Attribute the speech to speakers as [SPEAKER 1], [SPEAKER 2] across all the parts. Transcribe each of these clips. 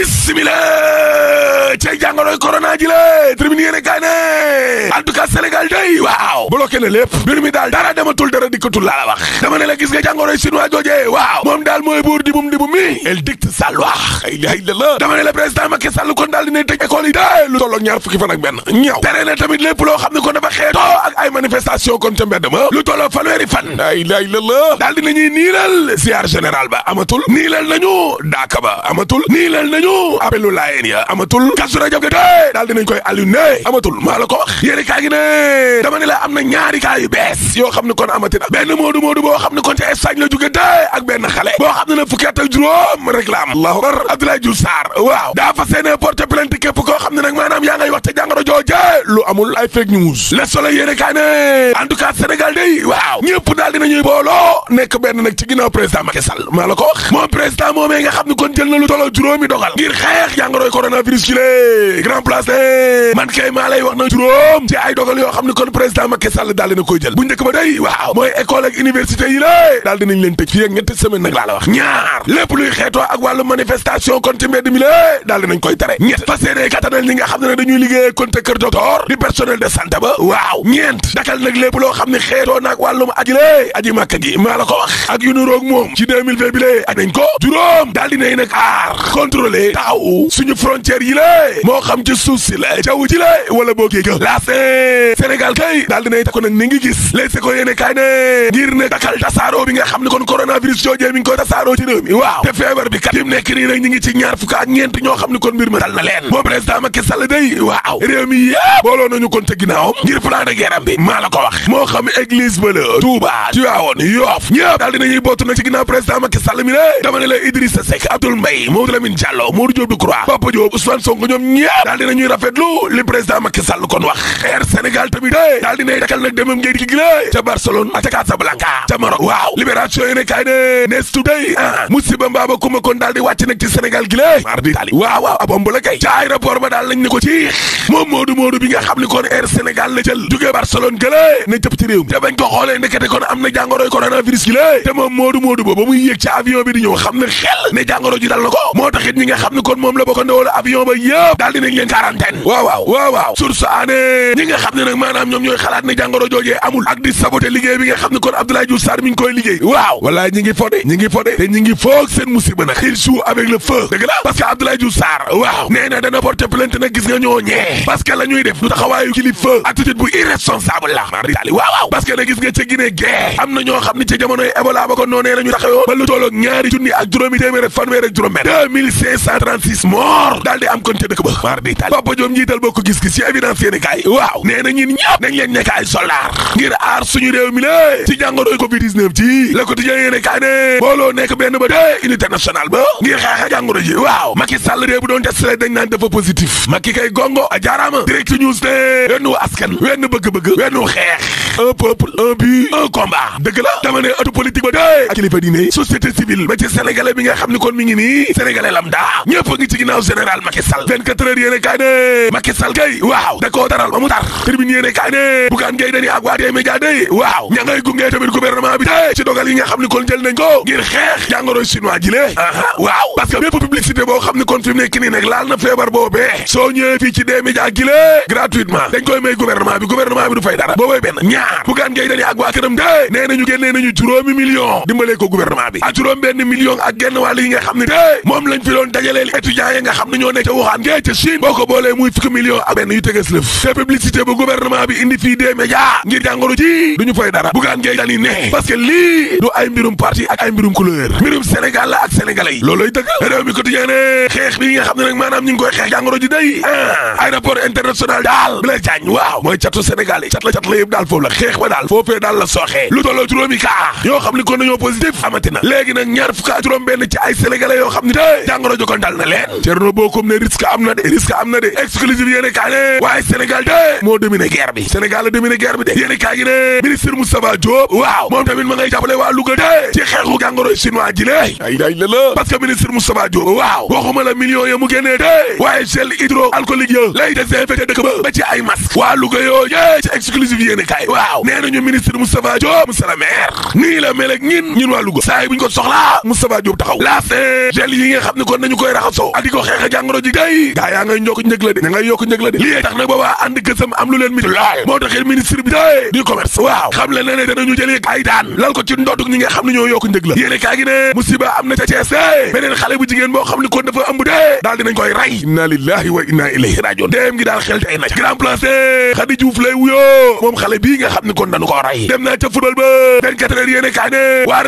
[SPEAKER 1] bismillah ci jàngoroy corona ji la tribune yéene kaay ne en tout cas Sénégal day waaw bloqué na lépp mbir mi daal dara dematul dara dikkatul laa la wax dama ne la gis nga jàngoroy chinois joojee waaw moom daal mooy buur di bum di bum el dicte sa ay laay la la dama ne la président Macky Sall kon daal dina tëj école yi day lu tolloog ñaar fukki fan ak benn ñëw tere na tamit lépp loo xam ne kon dafa xeetoo ak ay manifestation kon ca mbedd ma lu tolloog fanweeri fan ay laay la la daal dina ñuy niilal général ba amatul niilal nañu daaka ba amatul niilal nañu appelu laayeen ya amatul yéene kaa gi ne dama ne la am na ñaari kaa yu bees yoo xam ne kon amati na benn moodu moodu boo xam ne kon ca Espagne la jóge de ak benn xale boo xam ne na fukki at juróom rek allahu akbar Abdoulaye waaw daa fas yéene porte plainte képp koo xam ne nag maanaam yaa ngay wax te jàngoro jooje lu amul ay fake news le soleil yéene kaa ne Sénégal day waaw ñëpp daal dinañuy booloo nekk benn nag ci ginnaaw président Macky Sall maa la ko moom président ci ay dogal yoo xam ne kon président Macky Sall daal dina koy jël bu njëkk ba day waaw mooy école ak université yi leen tëj fii ak ñetti nag laa la wax ñaar lépp luy xeetoo ak wàllu manifestation kon ci mbedd mi lée daal dinañ koy tere ñett fas yéene katanal ñi nga xam ne dañuy liggéey kon te kër di personnel de santé ba waaw ñeent dakal nag lépp loo xam ne xeetoo naag wàllum aji lée aji màkka ji maa la ko wax ak yu nu roog moom ci 2020 bi lée ak nañ ko juróom daal dinañ nag aar contrôler si la jaww ji lée wala ne kay daal dinay takku nag ni ngi gis léeg si ko kaay ne ngir ne dakal tasaaroo bi nga xam ne kon coronavirus joojee mi ngi koy tasaaroo ci réew waaw te feebar bi kat fi nekk nii nag ñi ngi ci ñaar fukk ñeent ñoo xam ne kon mbir ma dal na leen moom président Macky Sall day waaw réew mi yëpp nañu kon te ginnaawam ngir plan de bi maa la ko wax moo xam église ba la Touba Tivaouane Yoff ñëpp daal dinañuy bootu nag ci ginnaaw président Air Sénégal tamit de eh, daal dinay dakal nag demam ngeen gi gilée eh, ca Barcelone a ca Casablanca ca Maroc waaw libération yéene kaay ne nees today ah musiba mbaaba kuma kon daal di nag ci Sénégal gi eh, mardi tali waaw waaw abom ba la kay ca aéroport ba daal lañ ne ko ci moom moodu moodu bi nga xam ni kon Air Sénégal la jël jógee Barcelone gëlée ne jëpp ci réew mi te bañ ko xoolee ndekete kon am na jàngoroy coronavirus gi lée te moom moodu moodu la parce que Abdoulaye nee na dana porter plainte nag gis nga ñoo ñee parce def du taxawaayu kilifa attitude bu irresponsable la maa waaw waaw parce que gis nga ca Guinée gee am na ñoo xam ne ca jamonoy Ebola ba noonee la ñu ba lu tolloog ñaari junni ak juróomi téeméer ak fanweer ak juróom benn deux mille am kon ca dëkk ba maa Papa Diop njiital bokk gis-gis ci évidence yéene kaay waaw waaw nee na ñun ñëpp nañ leen nekk ay soldaar ngir aar suñu réew mi la ci jàngoroy covid 19 ci la ko ti yéen e booloo nekk benn ba dee unité nationale ba ngir xeexa jàngoro ji waaw Macky Sall réew bu doon testé dañ naan dafa positif Macky kay gongo a jaaraama direct news ne wennu askan wenn bëgg-bëgg wennu xeex un peuple un but un combat dëgg la dama ne atu politique ba dee ak kilifa diine société civile ba ci sénégalais bi nga xam ni kon mi ngi nii sénégalais lam daa ñëpp ngi ci ginnaaw général Macky Sall tar tribune yéene kaay ne Bougane Gueye Dany dee média day waaw ña ngay gunge tamit gouvernement bi tey ci dogal yi nga xam ne kon jël nañ ngir xeex jàngoro chinois ji waaw parce que bépp boo xam ne kon fi mu nekk laal na feebar boobee soo ñëwee fii ci dee média gi lee dañ koy may gouvernement bi gouvernement bi du fay dara boobay benn ñaar Bougane Gueye Dany ak waa këram nee nañu génnee nañu juróomi million dimbalee ko gouvernement bi publicité bu gouvernement bi indi fii des médias ngir jàngoro ji du ñu fay dara bugaan ngay dani ne parce que lii du ay mbirum parti ak ay mbirum couleur mbirum Sénégal la ak sénégalais yi looloy dëgg réew mi quotidien ne xeex bi nga xam ne nag maanaam ñu ngi koy xeex jàngoro ji day ah aéroport international daal bi la jaañ waaw mooy catu Sénégal yi cat la cat la yëpp daal foofu la xeex ba daal foofee daal la sooxee lu tolloo juróomi kaa yoo xam ni na léegi nag ñaar fukk ak juróom benn ci ay sénégalais moo dominé guerre bi Sénégal la dominé guerre bi de yéen kaa gi ne ministre Moustapha Diop waaw moom tamit ma ngay jàppale waa Louga de ci xeexu gàngoroy chinois ji lay ay daay la la parce que ministre Moustapha Diop waaw waxuma la millions ya mu génnee de waaye gel hydroalcoolique ya lay désinfecté dëkk ba ba ci ay masque waa Louga yoo yee ci exclusive yéen waaw nee nañu ministre Moustapha Diop monsieur le taxaw laas gel yi nga xam ne kon nañu koy raxasoo ak di ko xeex a sam am lu leen miti lool moo taxit ministre bi tey du commerce waaw xam le na ne danañu jëlee ay daan lal ko ci ndodug ñi nga xam ne ñoo yokk njëg la yéene kaa ne musiba am na ca Cees de xale bu jigéen boo xam ne kon dafa ëmb de daal dinañ koy rey inna lillahi wa inna ilayhi rajiun dem gi daal xel tey na grand place Khady Diouf lay wuyoo moom xale bii nga xam ne kon dañu koo rey dem naa ca football ba 24 heures yéene kaa ne waa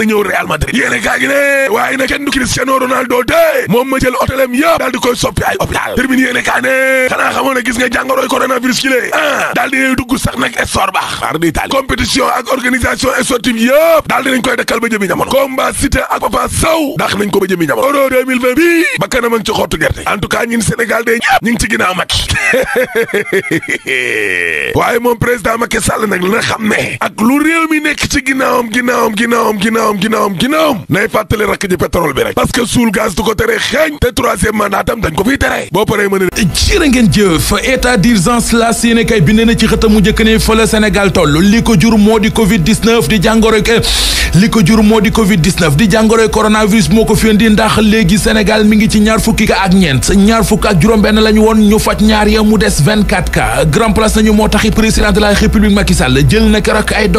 [SPEAKER 1] Real ñëw Real Madrid yéene kaa gi ne waaye nag kenn du Cristiano Ronaldo de moom ma jël hôtelam yëpp daal di koy soppi ay hôpital termine yéene kaa ne xanaa xamoon ne gis nga jàngoroy coronavirus ki lée ah daal dinay dugg sax nag sport baax ar di taali compétition ak organisation sportive yëpp koy dakkal ba jëmi jamono combat Siteu ak Papa Sow ndax nañ ko ba jëmi jamono euro 2020 bi ba kanam ak ci xottu gerte en tout Sénégal de ñëpp ci ginnaaw Macky waaye moom président ginnaawam ginnaawam nay fàttali rakk ji pétrole bi rek parce que suul gaz du ko tere xeeñ te troisième mandat tam dañ ko fiy tere boo paree
[SPEAKER 2] mën a jërë ngeen jëf état d'urgence la yéene kay na ci xëtam mu njëkk ne fa la Sénégal toll li ko jur moo di covid 19 di jàngoro eh, li ko jur moo di covid 19 di jàngoroy coronavirus moo ko fi indi ndax léegi Sénégal mi ngi ci ñaar fukki ka ak ñeent ñaar fukk ak juróom benn la ñu woon ñu faj ñaar ya de la république Macky Sall jël na keroog ay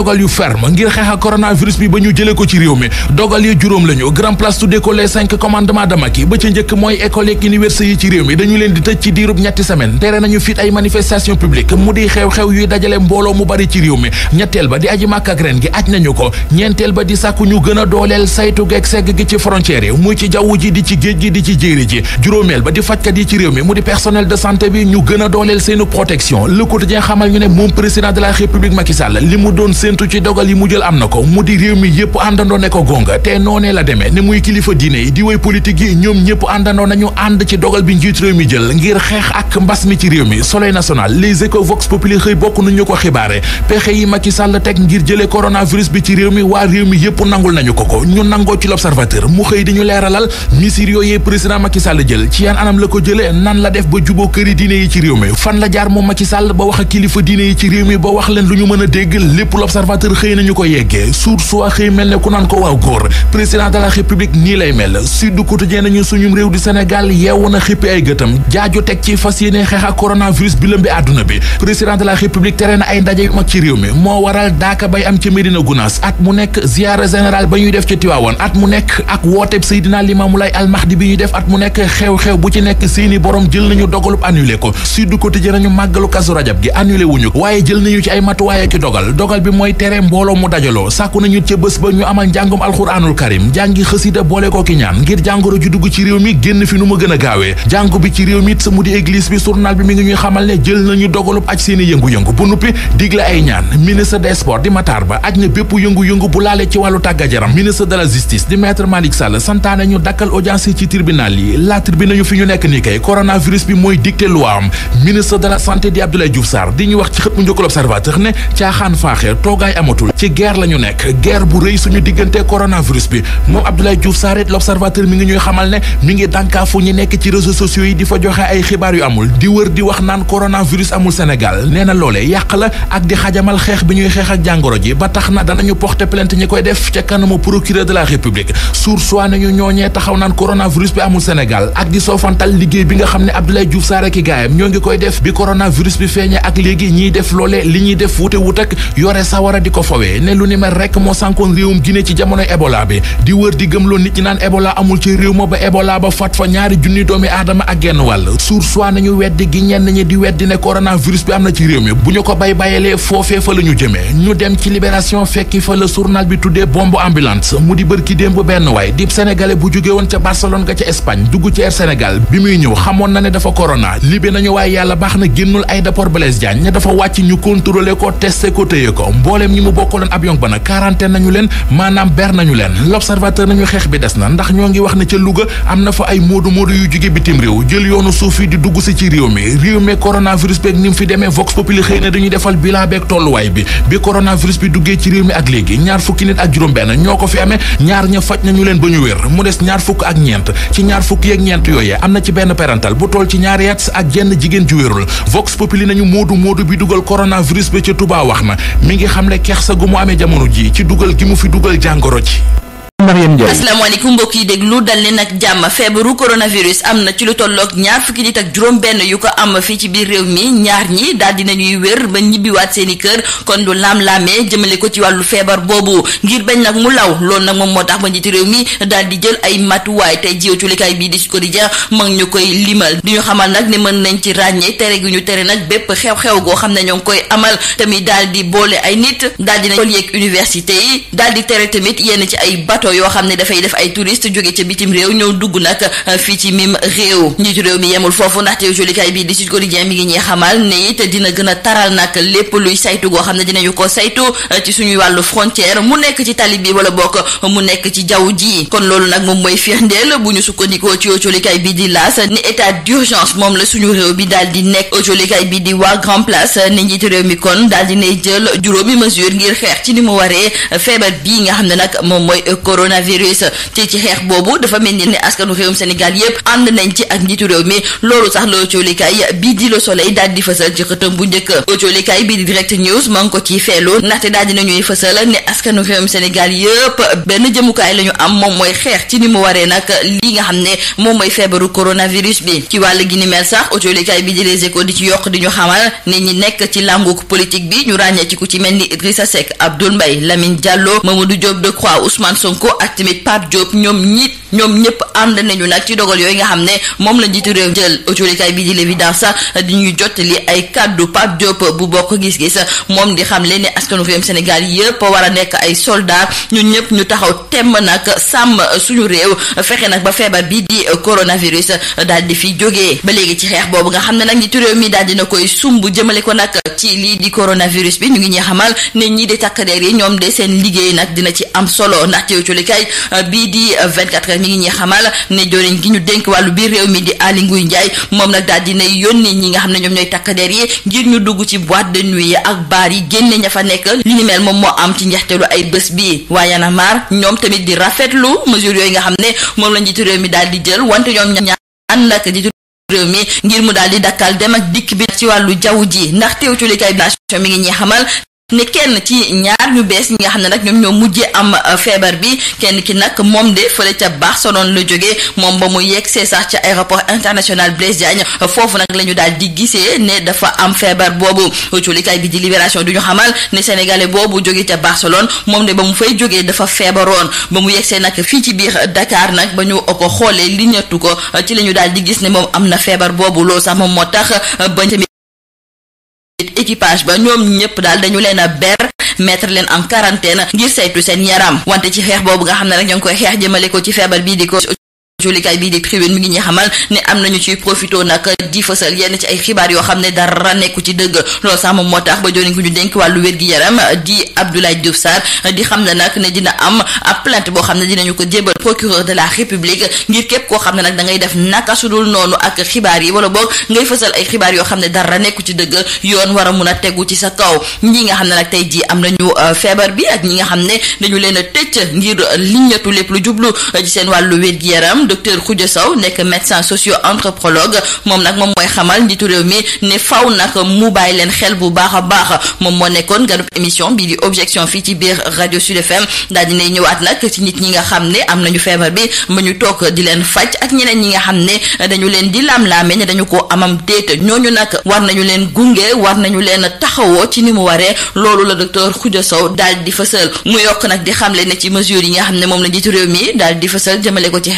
[SPEAKER 2] ko ci réew réew dogal yi juróom la grand place tuddee ko cinq commandements de Macky ba ca njëkk mooy école yeeg université yi ci réew mi dañu leen di tëj ci diirub ñetti semaine tere nañu fit ay manifestation publique mu di xew-xew yuy dajale mbooloo mu bari ci réew mi ñetteel ba di aji màkk ak gi aj nañu ko ñeenteel ba di sàkku ñu gën a dooleel saytu geeg segg gi ci frontières yi muy ci jaww ji di ci géej gi di ci jéeri ji juróomeel ba di fajkat yi ci réew a dooleel ne ko gonga te noonee la demee ni muy kilifa diine yi di way politique yi ñoom ñëpp àndandoo nañu ànd ci dogal bi njiit réew mi jël ngir xeex ak mbas mi ci réew mi soleil national les échos vox populi xëy bokk nu ñu ko xibaare pexe yi Macky Sall teg ngir jëlee coronavirus bi ci réew mi waa réew mi yëpp nangul nañu ko ko ñu nangoo ci l'observateur mu xëy di ñu leeralal misir yooyee président Macky Sall jël ci yan anam la ko jëlee nan la def ba juboo yi ci réew mi fan la jaar moom Macky Sall ba wax ak kilifa diine yi ci réew mi ba wax leen lu ñu mën a dégg lépp l'observateur xëy nañu ko yeggee source waa xëy mel ko waaw góor président de la république nii lay mel Sud Quotidien nañu suñum réew di Sénégal yeewu na xippi ay gëtam jaaju teg ci fas yéene xeex ak coronavirus bi lëmbi àdduna bi président de la république tere na ay ndaje yu mag ci réew mi moo waral daaka bay am ci Médina Gounass at mu nekk ziara général ba ñuy def ci Tiwaawan at mu nekk ak wooteb Seydina Limaamu Laay almahdi bi ñuy def at mu nekk xew-xew bu ci nekk seeni borom jël nañu dogalub annulé ko Sud Quotidien nañu màggalu Kazu Rajab gi annulé wuñu waaye jël nañu ci ay matuwaay ak dogal dogal bi mooy tere mbooloo mu dajaloo sàkku nañu njàngum alxuraanul karim jàngi xësida boole ko ñaan ngir jàngoro ju dugg ci réew mi génn fi nu ma gën a gaawee jàngu bi ci réew mi it sa mu di église bi journal bi mi ngi ñuy xamal ne jël nañu dogalub aj seeni yëngu-yëngu bu nuppi digle ay ñaan ministre des sports di Matar Ba aj na bépp yëngu-yëngu bu laale ci wàllu tàggat yaram ministre de la justice di maître Malick Sall santaane ñu dakkal audience ci tribunal yi la tribune ñu fi ñu nekk bi mooy dicté loi am ministre de la santé di ci xët la ñu nekk guerre bu rëy suñu diggante coronavirus bi moom Abdoulaye Diouf Sarr l'observateur mi ngi ñuy xamal ne mi ngi dànkaafu ñi nekk ci réseaux sociaux yi di fa joxe ay xibaar yu amul di wër di wax naan coronavirus amul Sénégal nee na loolee yàq la ak di xajamal xeex bi ñuy xeex ak jàngoro ji ba tax na danañu porter plainte ñi koy def ca kanamu procureur de la république source waa nañu ñooñee taxaw naan coronavirus bi amul Sénégal ak di soofantal liggéey bi nga xam ne Abdoulaye Diouf Sarr koy def bi coronavirus bi feeñee ak léegi ñiy def loolee li ñuy def wute wut ak yore sawara ci jamonoy Ebola bi di wër di gëmloo nit ñi naan Ebola amul ci réew ma ba Ebola ba fat fa ñaari junni doomi aadama ak genn wàll suur soit nañu weddi gi ñenn ñi di weddi ne coronavirus bi am na ci réew mi bu ñu ko bay bayalee foofee fa la ñu dem ci libération fekki fa la journal bi tuddee bombe ambulante mu di bërki démb benn waay dib sénégalais bu jóge woon ca Barcelone ga ca Espagne dugg ci Air bi muy ñëw xamoon na ne dafa corona libe na ko testé maanaam ber leen l'observateur nañu xeex bi des na ndax ñoo ngi wax ne ca Louga am réew jël yoonu suuf yi di dugg si ci réew mi réew mi coronavirus beeg demee vox populi xëy na dañuy defal bilan beeg tolluwaay bi bi coronavirus bi duggee ci réew mi ak léegi ñaar fukki nit ak benn ñoo ko fi amee ñaar ña faj nañu leen ba ñu wér mu des ñaar fukk ak ñeent ci ñaar fukk yeeg ñeent yooyee am na ci benn parental bu toll ci ñaari at ak jenn jigéen ju wérul vox populi nañu moodu moodu bi dugal coronavirus bi ca Touba wax na mi
[SPEAKER 3] ngi xam ne kersa gu mu amee jamono ji ci dugal gi mu fi dugal jàngoro ji Mariam Ndiaye asalaamaaleykum mbokk yi déglu dal leen ak jàmm feebaru coronavirus am na ci lu tolloog ñaar fukki nit ak juróom-benn yu ko am fii ci biir réew mi ñaar ñi daal dinañuy wér ba ñibbiwaat seen i kër kon lu laam-laamee jëmale ko ci wàllu feebar boobu ngir bañ nag mu law loolu nag moom moo tax ba njiitu réew mi daal di jël ay matuwaay tey jiw culikaay bii di su ko di jeex mag ñu koy limal di ñu xamal nag ne mën nañ ci ràññee tere gi ñu tere nag bépp xew-xew goo xam ne ñoo ngi koy amal tamit daal di boole ay nit daal dinañ yeeg université yi bateau yoo xam ne dafay def ay touriste jóge ca bitim réew ñëw dugg nag euh, fii ci mim réew njiitu réew mi yemul foofu ndaxte jolikaay bii di Sud Quotidien mi ngi ñuy xamal ne it dina a taral nag lépp luy saytu goo euh, bi wala di laas ni état d'urgence moom la suñu réew bi daal di nekk jolikaay bi di waa grand place euh, ne njiitu réew mi kon daal di ne jël juróomi mesure ngir xeex ci ni mu waree feebar bii nga xam ne nag moom mooy coronavirus ci ci xeex boobu dafa mel ni ne askanu réewum Sénégal yëpp ànd nañ ci ak njiitu réew mi loolu sax la ëccoolikaay bii di le soleil daal di fësal ci xëtam bu njëkk ëccoolikaay bii di direct news maa ngi ko ciy feelu ndaxte daal nañuy fësal ne askanu réewum Sénégal yëpp benn jëmukaay la ñu am moom mooy xeex ci ni mu waree nag li nga xam ne moom mooy feebaru coronavirus bi ci wàll gi ni mel sax ëccoolikaay bi di les échos di ci yokk di ñu xamal ne ñi nekk ci lànguk politique bi ñu ràññee ci ku ci mel ni Idrissa Seck Abdoul Mbaye Lamine ak tamit Pape Diop ñoom ñi ñoom ñëpp ànd nañu nag ci dogal yooyu nga xam ne moom la njiitu réew jël autolikaay bi di l'évidence di ñuy jottali ay kàddu Pape Diop bu bokk gis-gis moom di xam leen ne askanu réewum Sénégal yëpp war a nekk ay soldat ñu ñëpp ñu taxaw temm nag sàmm suñu réew fexe nag ba feebar bi di coronavirus daal di fi jógee ba léegi ci xeex boobu nga xam ne nag njiitu réew mi daal dina koy sumb jëmale ko nag ci lii di coronavirus bi ñu ngi ñuy xamal yi ñoom nag yéenekaay bii di 24 mi ngi ñuy xamal ne joriñ gi ñu dénk wàllu biir réew mi di Aly Ngouille njaay moom nag daal dinay yónni ñi nga xam ne ñoom ñooy takk der yi ngir ñu dugg ci boîte de nuit yi ak baar yi génne ña fa nekk li ni mel moom moo am ci lu ay bés bi waaye na maar ñoom tamit di rafetlu mesure yooyu nga xam ne moom la njiitu réew mi daal di jël wante ñoom ñaan nag njiitu réew mi ngir mu daal di dakkal dem ak dikk bi ci wàllu jaww ji ndax teew ci bi ne kenn ci ñaar ñu bees ñi nga xam ne nag ñoom ñoo mujjee am euh, feebar bi kenn ki nag moom de fële ca Barcelone la jógee moom ba mu yegg see sax ca aéroport international Blaise Diagne foofu nag la ñu daal di gisee ne dafa am feebar boobu culikaay bi di libération du ñu xamal ne sénégalais boobu jógee ca Barcelone moom de ba mu fay jógee dafa feebaroon ba mu yegg see nag fii ci biir Dakar nag ba ñu ko xoolee li ñettu ko ci la ñu daal di gis ne moom am na feebar boobu loolu sax moom moo tax euh, ba équipage ba ñoom ñëpp daal dañu leen a ber mettre leen en quarantaine ngir saytu seen yaram wante ci xeex boobu nga xam ne rek ñoo ngi koy xeex jëmale ko ci feebar bii di ko julikaay bii di Tribune mu ngi ñuy xamal ne am nañu ci profito nag di fësal yenn ci ay xibaar yoo xam ne dara nekku ci dëgg loolu sax moo tax ba jooni ku ñu dénk wàllu wér-gi-yaram di Abdoulaye Diouf Sarr di xam ne nag ne dina am ab boo xam ne dinañu ko jébal procureur de la République ngir képp koo xam ne nag da def naka su dul noonu ak xibaar yi wala boog ngay fësal ay xibaar yoo xam ne dara nekku ci dëgg yoon war a mun a tegu ci sa kaw ñi nga xam ne nag tey jii am nañu euh, feebar bi ak ñi nga xam ne dañu leen a tëcc ngir liñatu lépp lu jublu ci seen wàllu wér-gi-yaram docteur Khoudia Sow nekk médecin socio anthropologue moom nag moom mooy xamal njiitu réew mi ne faw nag mu bàyyi leen xel bu baax a baax moom moo nekkoon ganub émission bi di objection fii ci biir radio Sud FM daal dinay ñëwaat nag ci nit ñi nga xam ne am nañu feebar bi ma ñu toog di leen faj ak ñeneen ñi nga xam ne dañu leen di laam-laame ne dañu ko amam déet ñooñu nak war nañu leen gunge war nañu leen taxawoo ci ni mu waree loolu la docteur Khoudia Sow daal di fësal mu yokk nag di xamle ne ci mesure yi nga xam ne moom la njiitu réew mi daal ko ci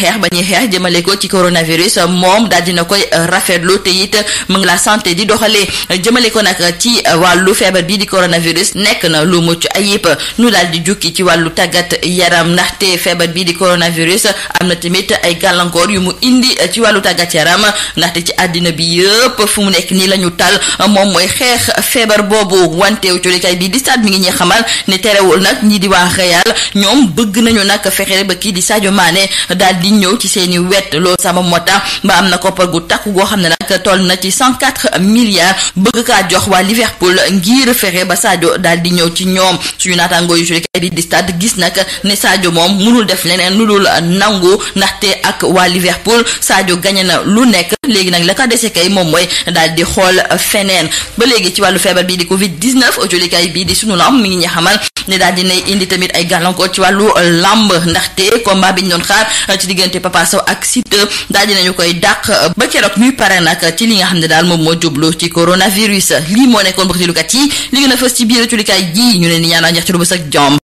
[SPEAKER 3] ñuy xeex jëmale ko ci coronavirus moom daal dina koy euh, rafetlu te it mu ngi la santé di doxalee jëmale ko nag ci euh, wàllu feebar bi di coronavirus nekk na lu mucc ayib ñu daal di jukki ci wàllu tàggat yaram ndaxte feebar bi di coronavirus am na tamit ay gàllankoor yu mu indi ci wàllu tàggat yaram ndaxte ci àddina bi yëpp fu mu nekk nii la ñu tal moom mooy xeex feebar boobu wanteew colikaay bi di stade mu ngi ñuy xamal ne terewul nag ñi di waa Real ñoom bëgg nañu nag fexe ba kii di Sadio Mané daal ñëw ci seeni wet loolu sama moo tax ah, ba am na koppar gu takku goo xam ne nag toll na ci cent quatre milliards bëgg kaa jox waa Liverpool ngir fexe ba Sadio dal di ñëw ci ñoom suñu naataangoo yu suñu kayit di stade gis nag ne Sadio moom mënul def leneen lu dul nangu ndaxte ak waa Liverpool Sadio gañe na lu nekk léegi nag la ko dese kay moom mooy daal di xool feneen ba léegi ci wàllu feebar bi di Covid 19 ojolikaay bii di sunu lam mu ngi ñu xamal ne daal dinay indi tamit ay gàllankoor ci wàllu euh, làmb ndaxte combat bi ñu doon xaar euh, ci diggante Papa Sow ak Siteu daal nañu koy dàq euh, ba keroog ñuy pare nag ci li nga xam ne daal moom moo jublu ci coronavirus lii moo nekkoon bëgg ci lukat yi li gën a fës ci biir ci lukat yi ñu leen di a njeex ci lu bës ak